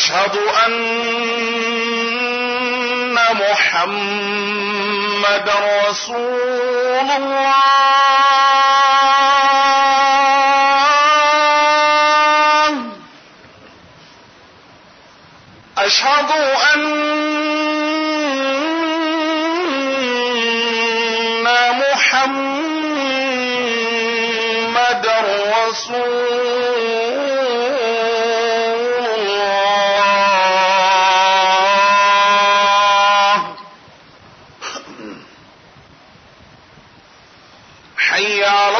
أشهد ان محمدا رسول الله اشهد ان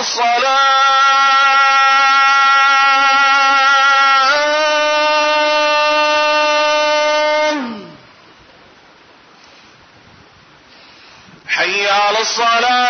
الصلاة حي على الصلاة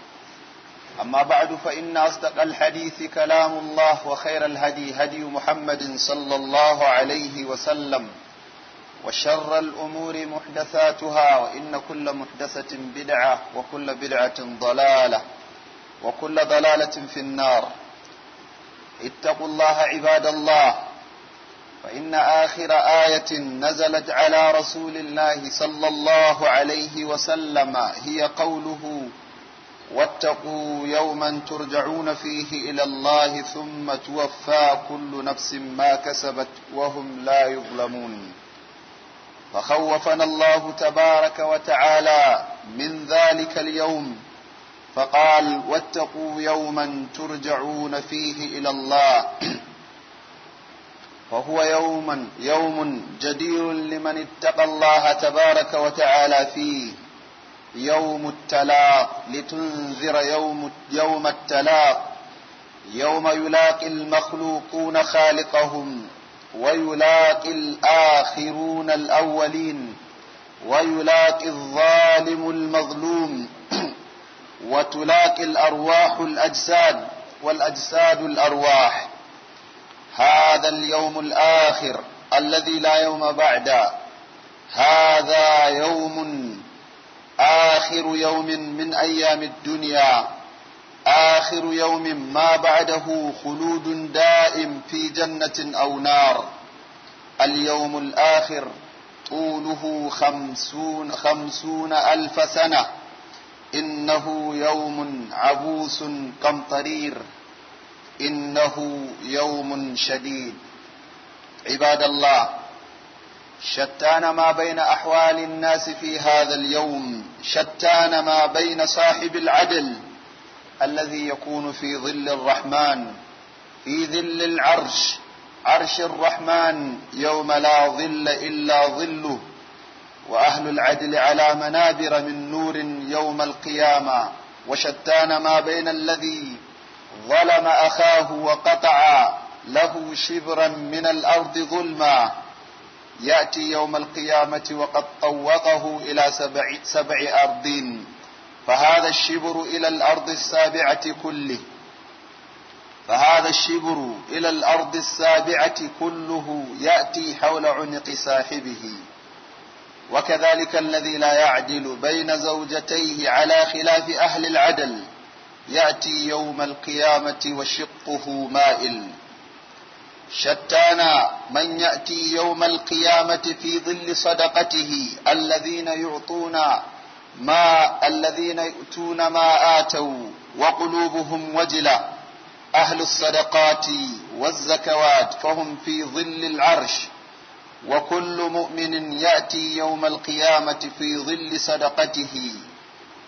أما بعد فإن أصدق الحديث كلام الله وخير الهدي هدي محمد صلى الله عليه وسلم وشر الأمور محدثاتها وإن كل محدثة بدعة وكل بدعة ضلالة وكل ضلالة في النار اتقوا الله عباد الله فإن آخر آية نزلت على رسول الله صلى الله عليه وسلم هي قوله واتقوا يوما ترجعون فيه الى الله ثم توفى كل نفس ما كسبت وهم لا يظلمون فخوفنا الله تبارك وتعالى من ذلك اليوم فقال واتقوا يوما ترجعون فيه الى الله وهو يوما يوم جدير لمن اتقى الله تبارك وتعالى فيه يوم التلاق لتنذر يوم, يوم التلاق يوم يلاقي المخلوقون خالقهم ويلاقي الآخرون الأولين ويلاقي الظالم المظلوم وتلاقي الأرواح الأجساد والأجساد الأرواح هذا اليوم الآخر الذي لا يوم بعد هذا يوم آخر يوم من أيام الدنيا آخر يوم ما بعده خلود دائم في جنة أو نار اليوم الآخر طوله خمسون, خمسون ألف سنة إنه يوم عبوس قمطرير إنه يوم شديد عباد الله شتان ما بين أحوال الناس في هذا اليوم شتان ما بين صاحب العدل الذي يكون في ظل الرحمن في ظل العرش عرش الرحمن يوم لا ظل إلا ظله وأهل العدل على منابر من نور يوم القيامة وشتان ما بين الذي ظلم أخاه وقطع له شبرا من الأرض ظلما يأتي يوم القيامة وقد طوقه إلى سبع, سبع أرضين فهذا الشبر إلى الأرض السابعة كله فهذا الشبر إلى الأرض السابعة كله يأتي حول عنق صاحبه وكذلك الذي لا يعدل بين زوجتيه على خلاف أهل العدل يأتي يوم القيامة وشقه مائل شتانا من يأتي يوم القيامة في ظل صدقته الذين يعطون ما الذين يؤتون ما آتوا وقلوبهم وجلة أهل الصدقات والزكوات فهم في ظل العرش وكل مؤمن يأتي يوم القيامة في ظل صدقته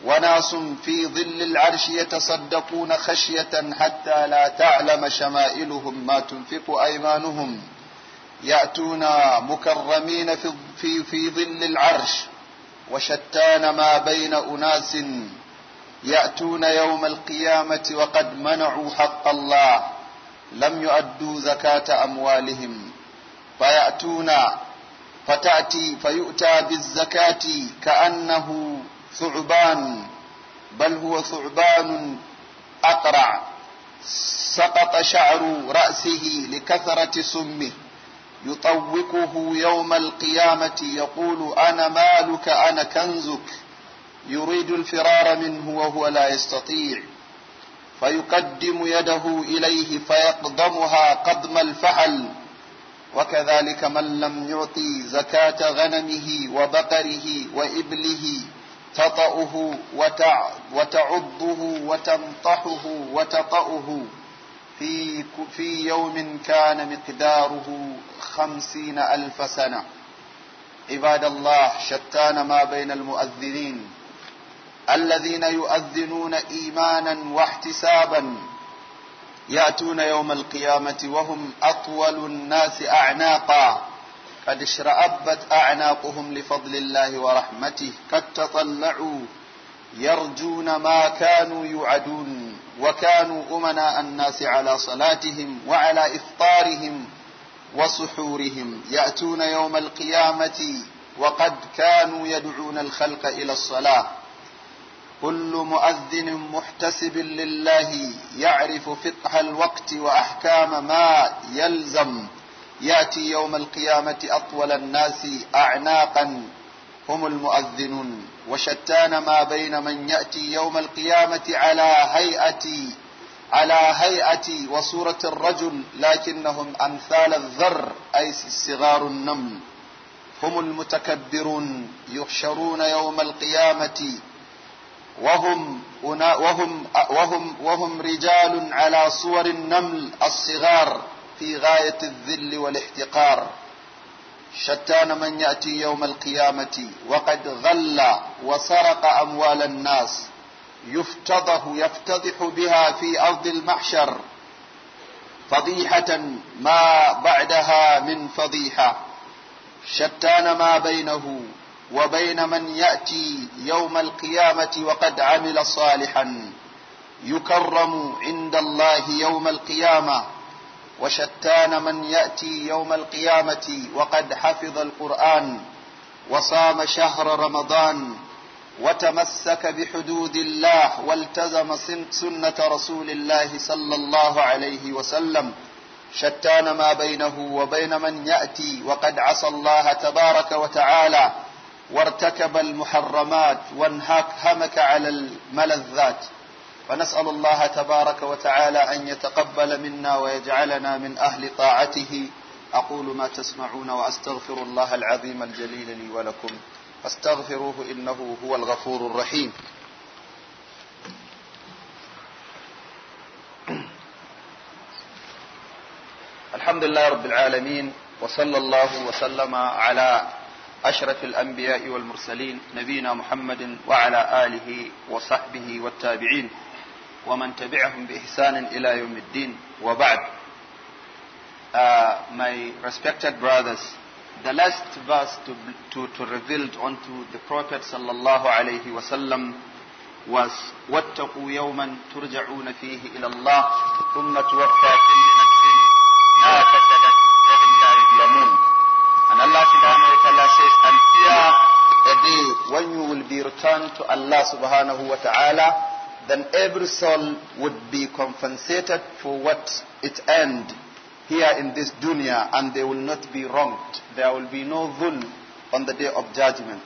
وناس في ظل العرش يتصدقون خشية حتى لا تعلم شمائلهم ما تنفق أيمانهم يأتون مكرمين في, في, في ظل العرش وشتان ما بين أناس يأتون يوم القيامة وقد منعوا حق الله لم يؤدوا زكاة أموالهم فيأتون فتأتي فيؤتى بالزكاة كأنه ثعبان بل هو ثعبان أقرع سقط شعر رأسه لكثرة سمه يطوقه يوم القيامة يقول أنا مالك أنا كنزك يريد الفرار منه وهو لا يستطيع فيقدم يده إليه فيقضمها قضم الفحل وكذلك من لم يعطي زكاة غنمه وبقره وإبله تطأه وتعضه وتنطحه وتطأه في, في يوم كان مقداره خمسين ألف سنة عباد الله شتان ما بين المؤذنين الذين يؤذنون إيمانا واحتسابا يأتون يوم القيامة وهم أطول الناس أعناقا قد اشرأبت أعناقهم لفضل الله ورحمته قد تطلعوا يرجون ما كانوا يعدون وكانوا أمناء الناس على صلاتهم وعلى إفطارهم وسحورهم يأتون يوم القيامة وقد كانوا يدعون الخلق إلى الصلاة كل مؤذن محتسب لله يعرف فقه الوقت وأحكام ما يلزم يأتي يوم القيامة أطول الناس أعناقا هم المؤذنون وشتان ما بين من يأتي يوم القيامة على هيئة على هيئة وصورة الرجل لكنهم أمثال الذر أي صغار النمل هم المتكبرون يحشرون يوم القيامة وهم وهم وهم وهم رجال على صور النمل الصغار في غاية الذل والاحتقار شتان من يأتي يوم القيامة وقد غل وسرق أموال الناس يفتضح يفتضح بها في أرض المحشر فضيحة ما بعدها من فضيحة شتان ما بينه وبين من يأتي يوم القيامة وقد عمل صالحا يكرم عند الله يوم القيامة وشتان من يأتي يوم القيامة وقد حفظ القرآن وصام شهر رمضان وتمسك بحدود الله والتزم سنة رسول الله صلى الله عليه وسلم شتان ما بينه وبين من يأتي وقد عصى الله تبارك وتعالى وارتكب المحرمات وانهمك على الملذات فنسأل الله تبارك وتعالى أن يتقبل منا ويجعلنا من أهل طاعته أقول ما تسمعون وأستغفر الله العظيم الجليل لي ولكم فاستغفروه إنه هو الغفور الرحيم الحمد لله رب العالمين وصلى الله وسلم على أشرف الأنبياء والمرسلين نبينا محمد وعلى آله وصحبه والتابعين ومن تبعهم بإحسان إلى يوم الدين وبعد uh, my respected brothers the last verse to, to, to revealed unto the Prophet sallallahu wa wasallam was واتقوا يوما ترجعون فيه إلى الله ثم توفى كل نفس ما كسبت وهم لا يظلمون and Allah subhanahu wa ta'ala says and fear a day when you will be returned to Allah subhanahu wa ta'ala then every soul would be compensated for what it earned here in this dunya and they will not be wronged. There will be no dhulm on the day of judgment.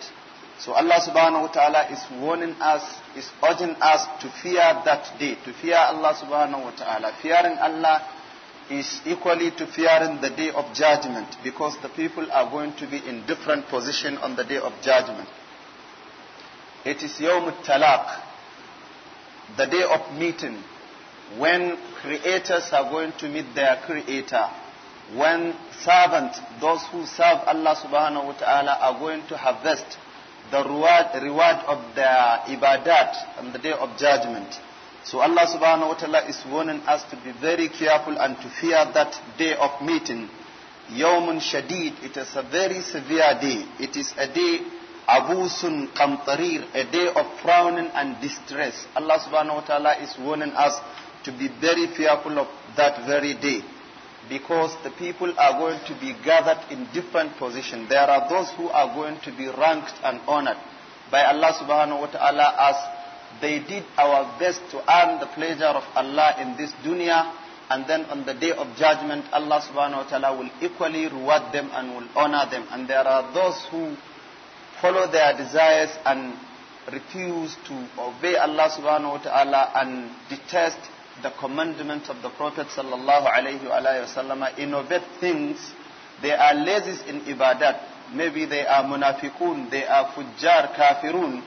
So Allah subhanahu wa ta'ala is warning us, is urging us to fear that day, to fear Allah subhanahu wa ta'ala. Fearing Allah is equally to fearing the day of judgment because the people are going to be in different position on the day of judgment. It is Yawm al-Talaq, the day of meeting, when creators are going to meet their creator, when servants, those who serve Allah subhanahu wa ta'ala, are going to harvest the reward, reward of their ibadat on the day of judgment. So Allah subhanahu wa ta'ala is warning us to be very careful and to fear that day of meeting. Yawmun Shadid, it is a very severe day. It is a day Abusun Kamtarir, a day of frowning and distress. Allah subhanahu wa ta'ala is warning us to be very fearful of that very day because the people are going to be gathered in different positions. There are those who are going to be ranked and honored by Allah subhanahu wa ta'ala as they did our best to earn the pleasure of Allah in this dunya and then on the day of judgment Allah subhanahu wa ta'ala will equally reward them and will honor them. And there are those who follow their desires and refuse to obey Allah subhanahu wa ta'ala and detest the commandments of the Prophet sallallahu alayhi wa innovate things, they are lazy in ibadat. Maybe they are munafiqun, they are fujjar, kafirun,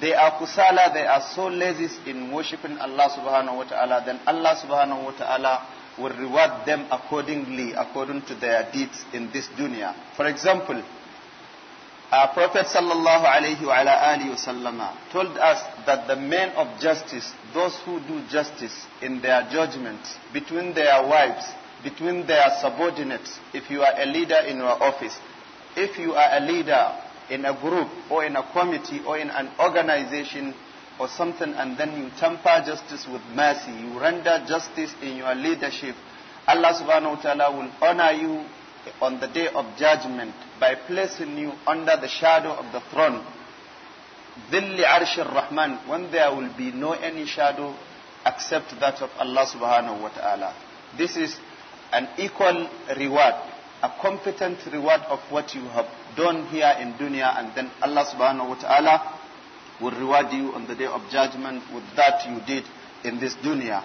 they are kusala, they are so lazy in worshipping Allah subhanahu wa ta'ala, then Allah subhanahu wa ta'ala will reward them accordingly, according to their deeds in this dunya. For example, our uh, Prophet sallallahu alayhi wa ala told us that the men of justice, those who do justice in their judgment between their wives, between their subordinates, if you are a leader in your office, if you are a leader in a group or in a committee or in an organization or something and then you temper justice with mercy, you render justice in your leadership, Allah subhanahu wa ta'ala will honor you on the day of judgment by placing you under the shadow of the throne. Dhilli Arsh rahman when there will be no any shadow except that of Allah subhanahu wa ta'ala. This is an equal reward, a competent reward of what you have done here in dunya and then Allah subhanahu wa ta'ala will reward you on the day of judgment with that you did in this dunya.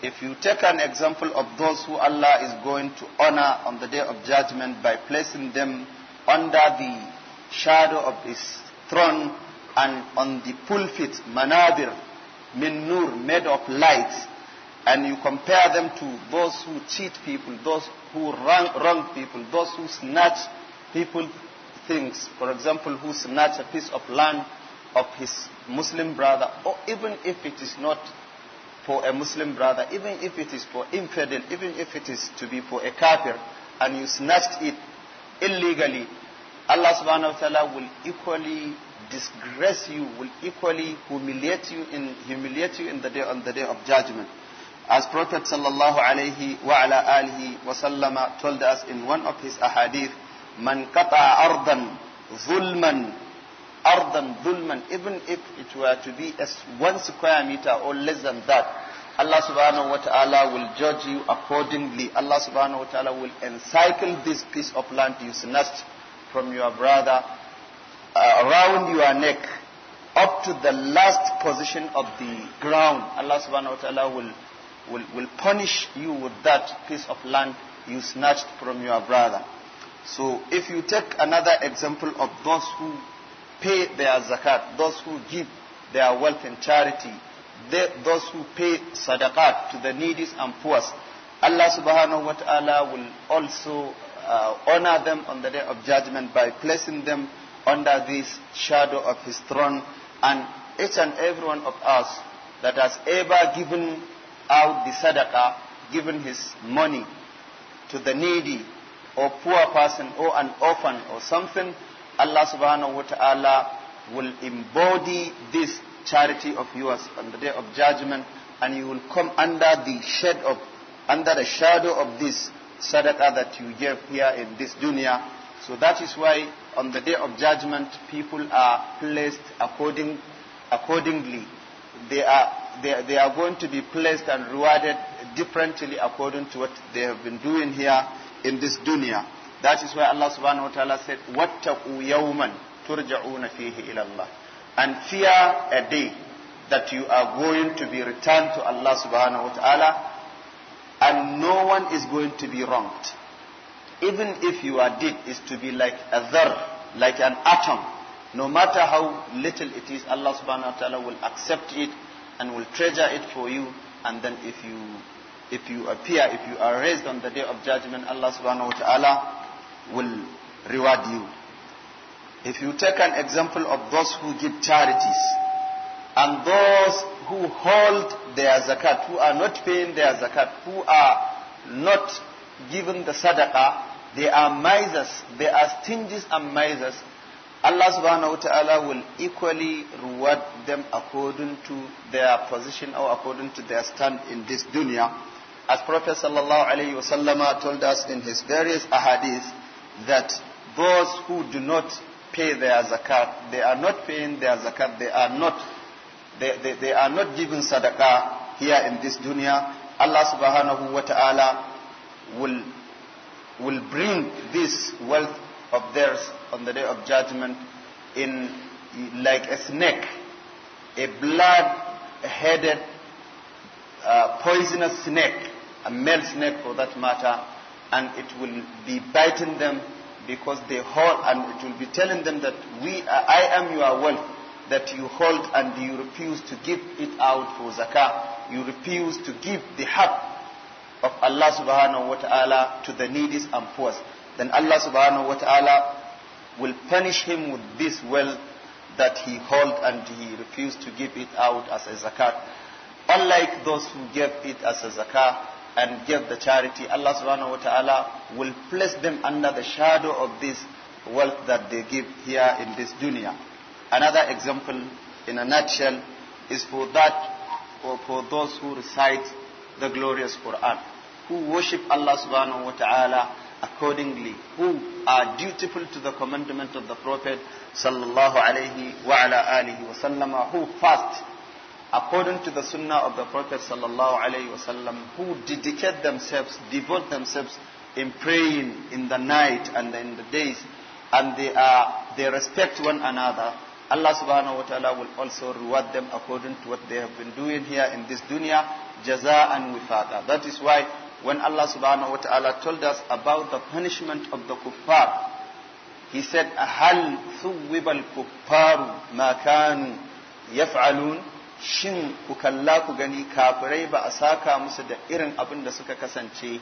If you take an example of those who Allah is going to honor on the day of judgment by placing them under the shadow of his throne and on the pulpit, manadir, min nur, made of light, and you compare them to those who cheat people, those who wrong, wrong people, those who snatch people things, for example, who snatch a piece of land of his Muslim brother, or even if it is not for a Muslim brother, even if it is for infidel, even if it is to be for a kafir, and you snatched it illegally, Allah subhanahu wa ta'ala will equally disgrace you, will equally humiliate you in humiliate you in the day on the day of judgment. As Prophet sallallahu alayhi wa ala alihi sallama told us in one of his ahadith, Man qata ardan zulman ardan dhulman, even if it were to be as one square meter or less than that, Allah subhanahu wa ta'ala will judge you accordingly. Allah subhanahu wa ta'ala will encircle this piece of land you snatched from your brother uh, around your neck up to the last position of the ground. Allah subhanahu wa ta'ala will, will, will punish you with that piece of land you snatched from your brother. So if you take another example of those who pay their zakat, those who give their wealth in charity, they, those who pay sadaqat to the needy and poor, Allah subhanahu wa ta'ala will also uh, honor them on the day of judgment by placing them under this shadow of his throne. And each and every one of us that has ever given out the sadaqah, given his money to the needy or poor person or an orphan or something, Allah subhanahu wa ta'ala will embody this charity of yours on the day of judgment and you will come under the shade of under the shadow of this sadaqah that you gave here in this dunya so that is why on the day of judgment people are placed according accordingly they are they, they are going to be placed and rewarded differently according to what they have been doing here in this dunya that is why Allah subhanahu wa ta'ala said, وَاتَّقُوا يَوْمًا تُرْجَعُونَ فِيهِ إِلَى اللَّهِ And fear a day that you are going to be returned to Allah subhanahu wa ta'ala and no one is going to be wronged. Even if your deed is to be like a dhar, like an atom, no matter how little it is, Allah subhanahu wa ta'ala will accept it and will treasure it for you. And then if you, if you appear, if you are raised on the day of judgment, Allah subhanahu wa ta'ala will reward you. If you take an example of those who give charities and those who hold their zakat, who are not paying their zakat, who are not given the sadaqah, they are misers, they are stingy and misers. Allah subhanahu wa ta'ala will equally reward them according to their position or according to their stand in this dunya. As Prophet sallallahu alayhi wa told us in his various ahadith, that those who do not pay their zakat, they are not paying their zakat, they are not, they, they, they are not giving sadaqah here in this dunya, Allah subhanahu wa ta'ala will, will bring this wealth of theirs on the day of judgment in like a snake, a blood-headed, uh, poisonous snake, a male snake for that matter, and it will be biting them because they hold and it will be telling them that we are, I am your wealth that you hold and you refuse to give it out for zakah you refuse to give the haq of Allah subhanahu wa ta'ala to the needy and poor then Allah subhanahu wa ta'ala will punish him with this wealth that he hold and he refused to give it out as a zakat unlike those who gave it as a zakat and give the charity, Allah subhanahu wa ta'ala will place them under the shadow of this wealth that they give here in this dunya. Another example, in a nutshell, is for that or for those who recite the glorious Quran, who worship Allah subhanahu wa ta'ala accordingly, who are dutiful to the commandment of the Prophet sallallahu alayhi wa ala alihi wa who fast according to the sunnah of the Prophet sallallahu wasallam, who dedicate themselves, devote themselves in praying in the night and in the days, and they are they respect one another. Allah subhanahu wa ta'ala will also reward them according to what they have been doing here in this dunya, jaza and wifaqa. That is why when Allah subhanahu wa ta'ala told us about the punishment of the kuffar, He said, أَهَلْ ثُوِّبَ الْكُفَّارُ مَا كَانُوا يَفْعَلُونَ shin ku kalla ku gani kafirai ba a saka musu da irin abin da suka kasance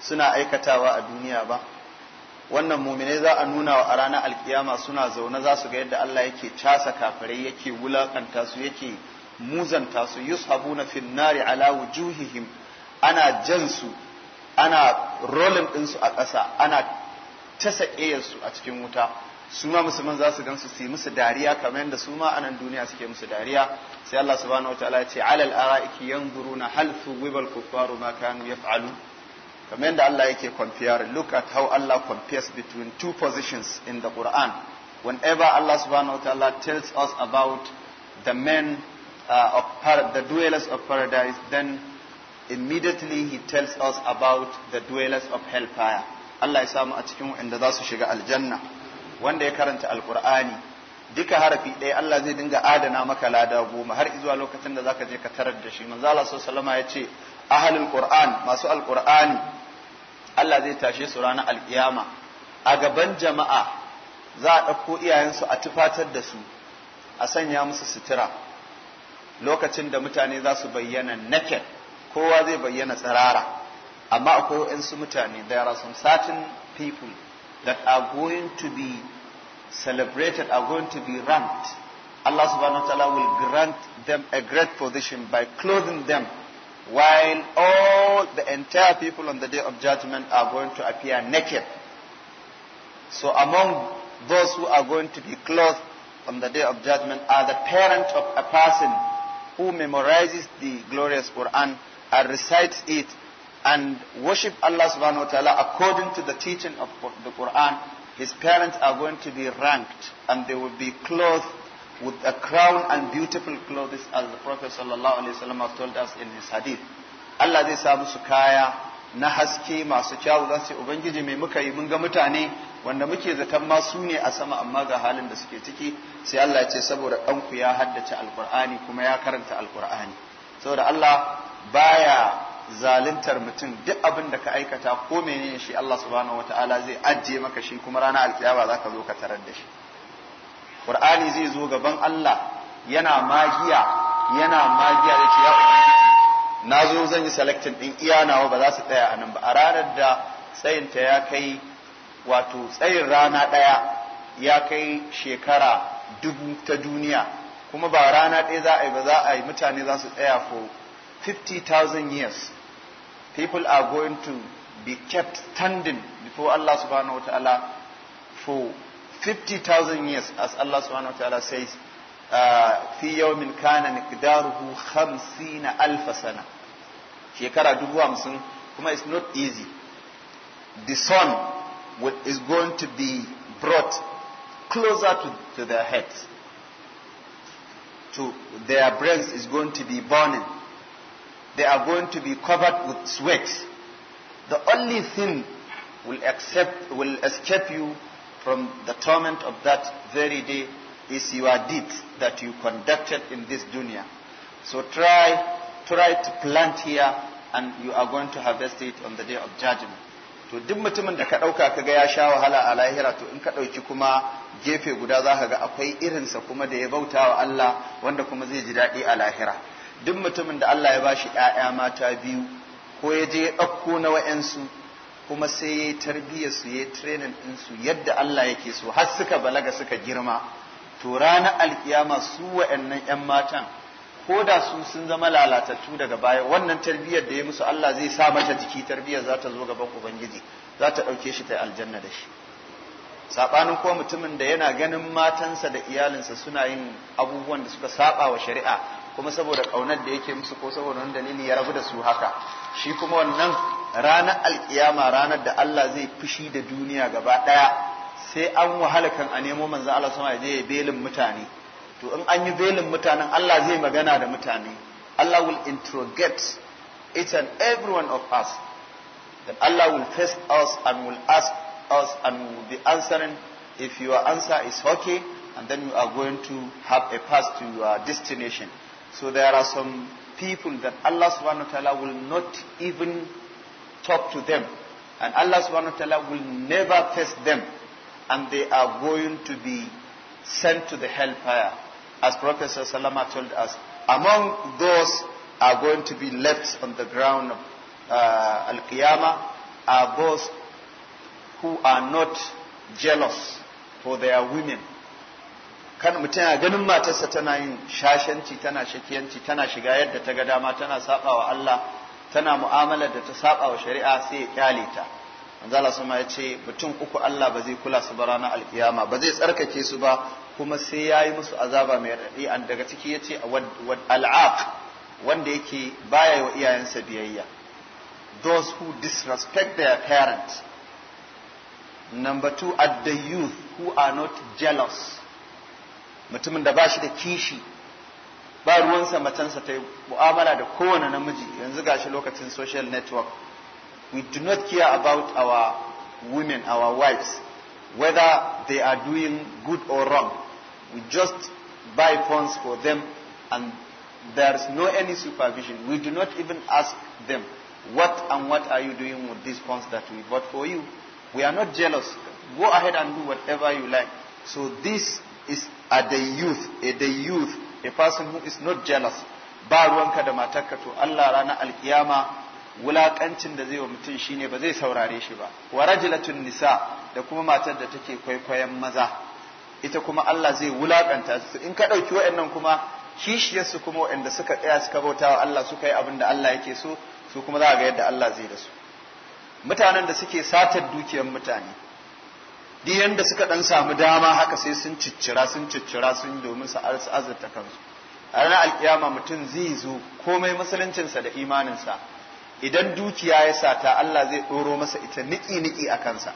suna aikatawa a duniya ba wannan muminai za a nuna wa a ranar alkiyama suna zaune za su ga yadda Allah yake casa kafirai yake wulakanta su yake muzanta su yushabuna na nari ala wujuhihim ana jan su ana rolin ɗinsu a ƙasa ana ta su a cikin wuta su ma musulman za su gansu su yi musu dariya kamar yadda su ma a nan duniya suke musu dariya sai Allah subhanahu wataala ya ce alal ara'iki yanzuruna hal thuwibal kuffaru ma kanu yaf'alu kamar yadda Allah yake compare look at how Allah compares between two positions in the Quran whenever Allah subhanahu wataala tells us about the men uh, of par- the dwellers of paradise then immediately he tells us about the dwellers of hellfire Allah ya samu a cikin wanda za su shiga aljanna wanda ya karanta alqur'ani duka harafi ɗaya Allah zai dinga adana maka lada goma har zuwa lokacin da zaka je ka tarar da shi manzo Allah sallallahu ya ce ahlul qur'an masu alqur'ani Allah zai tashe su ranar alkiyama a gaban jama'a za a ɗauko iyayensu a tufatar da su a sanya musu sutura lokacin da mutane za su bayyana naked kowa zai bayyana tsirara amma akwai su mutane da yara sun, satin people that are going to be celebrated, are going to be ranked. Allah subhanahu wa ta'ala will grant them a great position by clothing them while all the entire people on the day of judgment are going to appear naked. So among those who are going to be clothed on the day of judgment are the parent of a person who memorizes the glorious Quran and recites it and worship Allah subhanahu wa ta'ala according to the teaching of the Quran, his parents are going to be ranked and they will be clothed with a crown and beautiful clothes as the Prophet sallallahu alaihi wasallam told us in his hadith. Allah zai sa musu kaya na haske masu kyawu za su Ubangiji mai muka yi mun ga mutane wanda muke zaton ma su ne a sama amma ga halin da suke ciki sai Allah ya ce saboda ɗanku ya haddace alkur'ani kuma ya karanta alkur'ani saboda Allah baya Zalintar mutum duk abin da ka aikata ko menene shi Allah subhanahu wata'ala zai ajiye maka shi kuma ranar alkiyama za ka zo ka tarar da shi Qur'ani zai zo gaban Allah yana magiya yana magiya da ce ya ubangiji na zo zan yi selecting din iya nawa ba za su tsaya a nan ba a ranar da tsayinta ya kai wato tsayin rana ɗaya ya kai shekara dubu ta duniya kuma ba rana ɗaya za a yi ba za a yi mutane za su tsaya ko 50,000 years, people are going to be kept standing before Allah subhanahu wa ta'ala for 50,000 years, as Allah subhanahu wa ta'ala says, في يوم كان مقداره خمسين ألف سنة shekara dubu hamsin kuma it's not easy the sun is going to be brought closer to, to their heads to their brains is going to be burning they are going to be covered with sweat. The only thing will, accept, will escape you from the torment of that very day is your deed that you conducted in this dunya. So try, try to plant here and you are going to harvest it on the day of judgment. To duk mutumin da ka ɗauka ka ga ya sha wahala a lahira to in ka ɗauki kuma gefe guda za ka ga akwai irinsa kuma da ya bauta wa Allah wanda kuma zai ji daɗi a lahira. duk mutumin da Allah ya bashi ‘ya'ya mata biyu ko ya je ya ɗauko na wa'yansu kuma sai ya yi tarbiyyar su ya yi training ɗinsu yadda Allah yake so har suka balaga suka girma to ranar alkiyama su wa'yannan ‘yan matan ko da su sun zama lalatattu daga baya wannan tarbiyyar da ya musu Allah zai sa mata jiki tarbiyyar za ta zo gaban Ubangiji za ta ɗauke shi ta aljanna da shi saɓanin ko mutumin da yana ganin matansa da iyalinsa suna yin abubuwan da suka saba wa shari'a kuma saboda kaunar da yake musu ko saboda wani dalili ya rabu da su haka shi kuma wannan ranar alkiyama ranar da Allah zai fushi da duniya gaba daya sai an wahala kan a nemo manzo Allah sama je belin mutane to in an yi belin mutanen Allah zai magana da mutane Allah will interrogate each and every one of us that Allah will face us and will ask us and will be answering if your answer is okay and then you are going to have a path to your destination So there are some people that Allah subhanahu wa ta'ala will not even talk to them. And Allah subhanahu wa ta'ala will never test them. And they are going to be sent to the hellfire. As Prophet Sallallahu told us, among those are going to be left on the ground of uh, Al-Qiyamah are those who are not jealous for their women kan mutum a ganin matarsa tana yin shashanci tana shakiyanci tana shiga yadda ta ga dama tana saba wa Allah tana mu'amala da ta saba wa shari'a sai ya kyale ta manzo Allah sama ya ce mutum uku Allah ba zai kula su ba ranar alkiyama ba zai tsarkake su ba kuma sai yayi musu azaba mai raɗi an daga ciki yace al'aq wanda yake baya wa iyayensa biyayya those who disrespect their parents number two at the youth who are not jealous mutumin da ba shi da kishi ba ruwansa macensa ta yi mu'amala da kowane namiji yanzu gashi lokacin social network we do not care about our women our wives whether they are doing good or wrong we just buy funds for them and there is no any supervision we do not even ask them what and what are you doing with these funds that we bought for you we are not jealous go ahead and do whatever you like so this is a day youth a day youth a person who is not jealous ba ruwanka da matarka to Allah rana alkiyama wulakancin da zai wa mutum shine ba zai saurare shi ba wa rajulatun nisa da kuma matar da take kwaikwayon maza ita kuma Allah zai wulakanta su in ka ɗauki waɗannan kuma kishiyar su kuma waɗanda suka tsaya suka bauta wa Allah suka yi abin da Allah yake so su kuma za ga yadda Allah zai da su mutanen da suke satar dukiyar mutane duk yanda suka ɗan samu dama haka sai sun ciccira sun ciccira sun domin su azurta kansu a ranar alkiyama mutum zai zo komai musuluncinsa da imaninsa idan dukiya ya sata Allah zai ɗoro masa ita niki-niki a kansa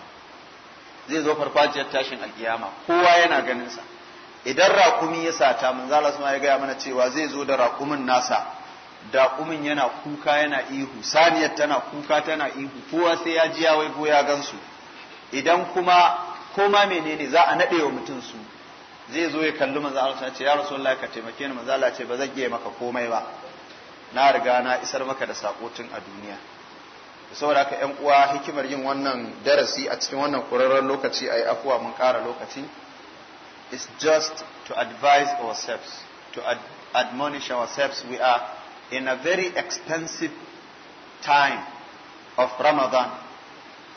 zai zo farfajiyar tashin alkiyama kowa yana ganinsa idan rakumi ya sata zala suma ya gaya mana cewa zai zo da rakumin nasa raƙumin yana kuka yana ihu saniyar tana kuka tana ihu kowa sai ya ji ya waigo ya gansu idan kuma ko ma menene za a nade wa mutum su zai zo ya kalli manzo Allah ya ce ya rasulullahi ka taimake ni manzo Allah ce ba zan iya maka komai ba na riga na isar maka da sako a duniya saboda haka ƴan uwa hikimar yin wannan darasi a cikin wannan kurarren lokaci ayi afuwa mun ƙara lokaci is just to advise ourselves to ad admonish ourselves we are in a very expensive time of Ramadan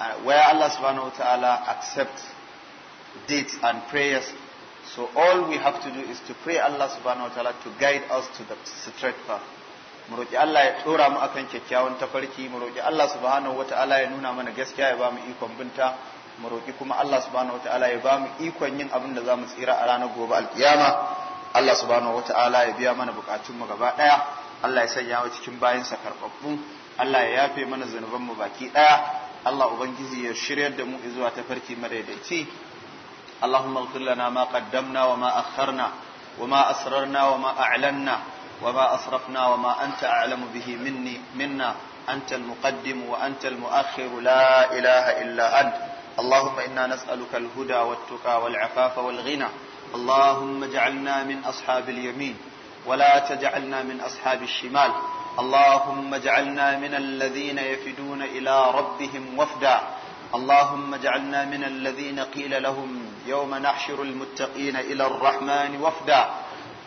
uh, where Allah subhanahu wa ta'ala accepts deeds and prayers. So all we have to do is to pray Allah subhanahu wa ta'ala to guide us to the straight path. Mu roƙi Allah ya ɗora mu akan kyakkyawan tafarki, mu roƙi Allah subhanahu wa ta'ala ya nuna mana gaskiya ya ba mu ikon binta, mu roƙi kuma Allah subhanahu wa ta'ala ya ba mu ikon yin abin da za mu tsira a ranar gobe alƙiyama. Allah subhanahu wa ta'ala ya biya mana buƙatunmu gaba ɗaya, Allah ya sanya wa cikin bayansa karɓaɓɓu, Allah ya yafe mana mu baki ɗaya, Allah Ubangiji ya shiryar da mu zuwa tafarki madaidaici. اللهم اغفر لنا ما قدمنا وما أخرنا وما أسررنا وما أعلنا وما أصرفنا وما أنت أعلم به مني منا أنت المقدم وأنت المؤخر لا إله إلا أنت اللهم إنا نسألك الهدى والتقى والعفاف والغنى اللهم اجعلنا من أصحاب اليمين ولا تجعلنا من أصحاب الشمال اللهم اجعلنا من الذين يفدون إلى ربهم وفدا اللهم اجعلنا من الذين قيل لهم يوم نحشر المتقين إلى الرحمن وفدا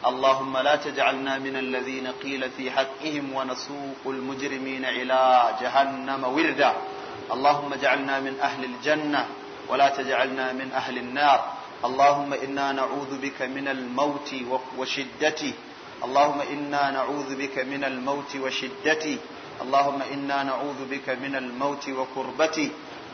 اللهم لا تجعلنا من الذين قيل في حقهم ونسوق المجرمين إلى جهنم وردا اللهم اجعلنا من أهل الجنة ولا تجعلنا من أهل النار اللهم إنا نعوذ بك من الموت وشدته اللهم إنا نعوذ بك من الموت وشدته اللهم إنا نعوذ بك من الموت وكربته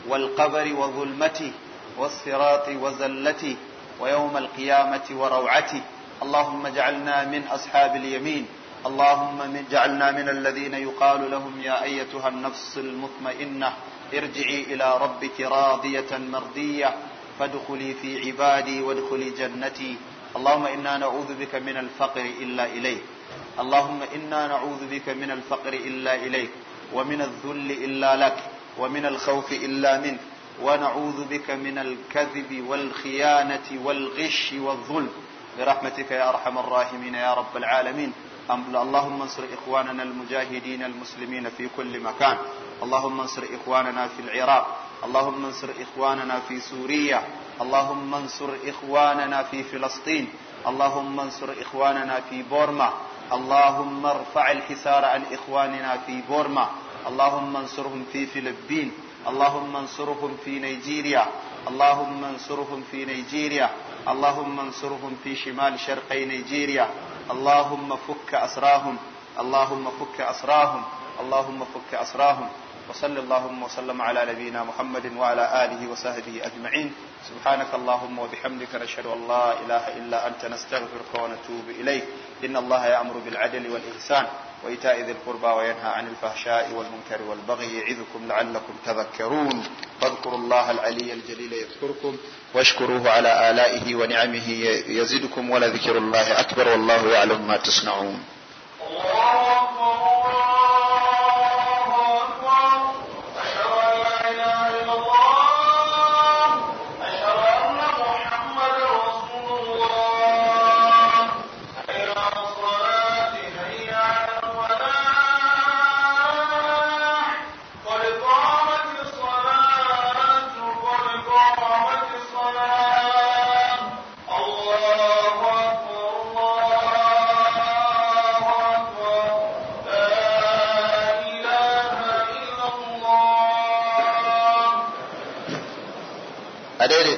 والقبر وظلمته والصراط وزلته ويوم القيامة وروعته اللهم اجعلنا من أصحاب اليمين اللهم اجعلنا من الذين يقال لهم يا أيتها النفس المطمئنة ارجعي إلى ربك راضية مرضية فادخلي في عبادي وادخلي جنتي اللهم إنا نعوذ بك من الفقر إلا إليك اللهم إنا نعوذ بك من الفقر إلا إليك ومن الذل إلا لك ومن الخوف إلا منك ونعوذ بك من الكذب والخيانة والغش والظلم برحمتك يا أرحم الراحمين يا رب العالمين اللهم انصر إخواننا المجاهدين المسلمين في كل مكان اللهم انصر إخواننا في العراق اللهم انصر إخواننا في سوريا اللهم انصر إخواننا في فلسطين اللهم انصر إخواننا في بورما اللهم ارفع الحسار عن إخواننا في بورما اللهم انصرهم في فلبين اللهم انصرهم في نيجيريا اللهم انصرهم في نيجيريا اللهم انصرهم في شمال شرقي نيجيريا اللهم فك أسراهم اللهم فك أسراهم اللهم فك أسراهم وصلى اللهم وسلم على نبينا محمد وعلى آله وصحبه أجمعين سبحانك اللهم وبحمدك نشهد أن لا إله إلا أنت نستغفرك ونتوب إليك إن الله يأمر بالعدل والإحسان وإيتاء ذي القربى وينهى عن الفحشاء والمنكر والبغي يعظكم لعلكم تذكرون فاذكروا الله العلي الجليل يذكركم واشكروه على آلائه ونعمه يزدكم ولذكر الله أكبر والله يعلم ما تصنعون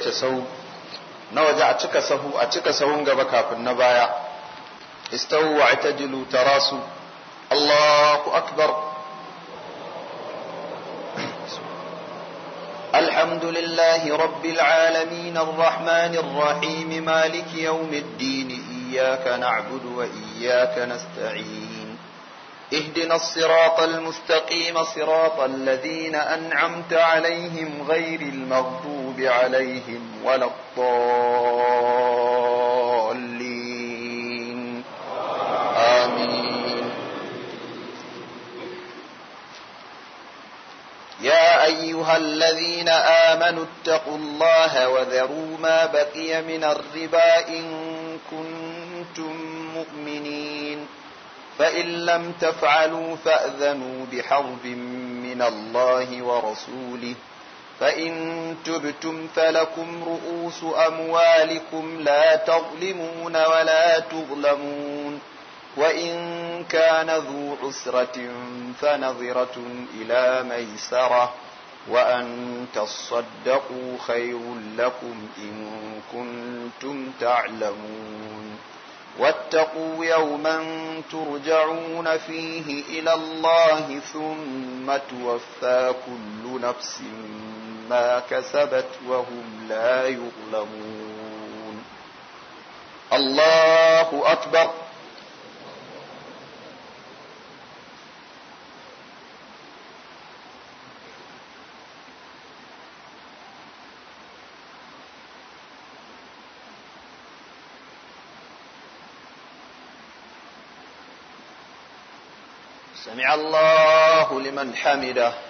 daidaita sahu na waje a cika sahu a cika sahun gaba kafin na baya istawu wa itajilu tarasu Allahu akbar الحمد لله رب العالمين الرحمن الرحيم مالك يوم الدين إياك نعبد وإياك نستعين اهدنا الصراط المستقيم صراط الذين أنعمت عليهم غير المغضوب عليهم ولا الضالين آمين يا أيها الذين آمنوا اتقوا الله وذروا ما بقي من الربا إن كنتم مؤمنين فإن لم تفعلوا فأذنوا بحرب من الله ورسوله فإن تبتم فلكم رؤوس أموالكم لا تظلمون ولا تظلمون وإن كان ذو عسرة فنظرة إلى ميسرة وأن تصدقوا خير لكم إن كنتم تعلمون واتقوا يوما ترجعون فيه إلى الله ثم توفى كل نفس ما كسبت وهم لا يظلمون الله أكبر سمع الله لمن حمده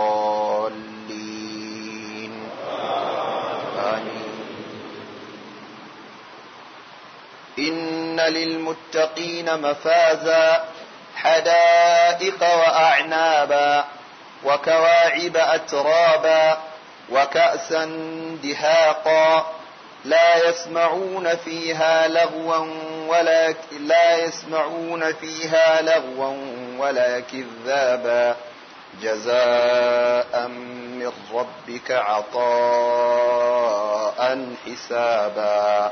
إن للمتقين مفازا حدائق وأعنابا وكواعب أترابا وكأسا دهاقا لا يسمعون فيها لغوا ولا لا يسمعون فيها لغوا ولا كذابا جزاء من ربك عطاء حسابا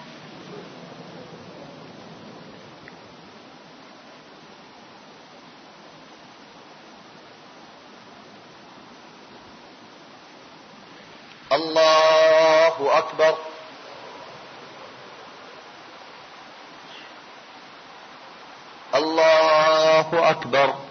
الله أكبر الله أكبر الله اكبر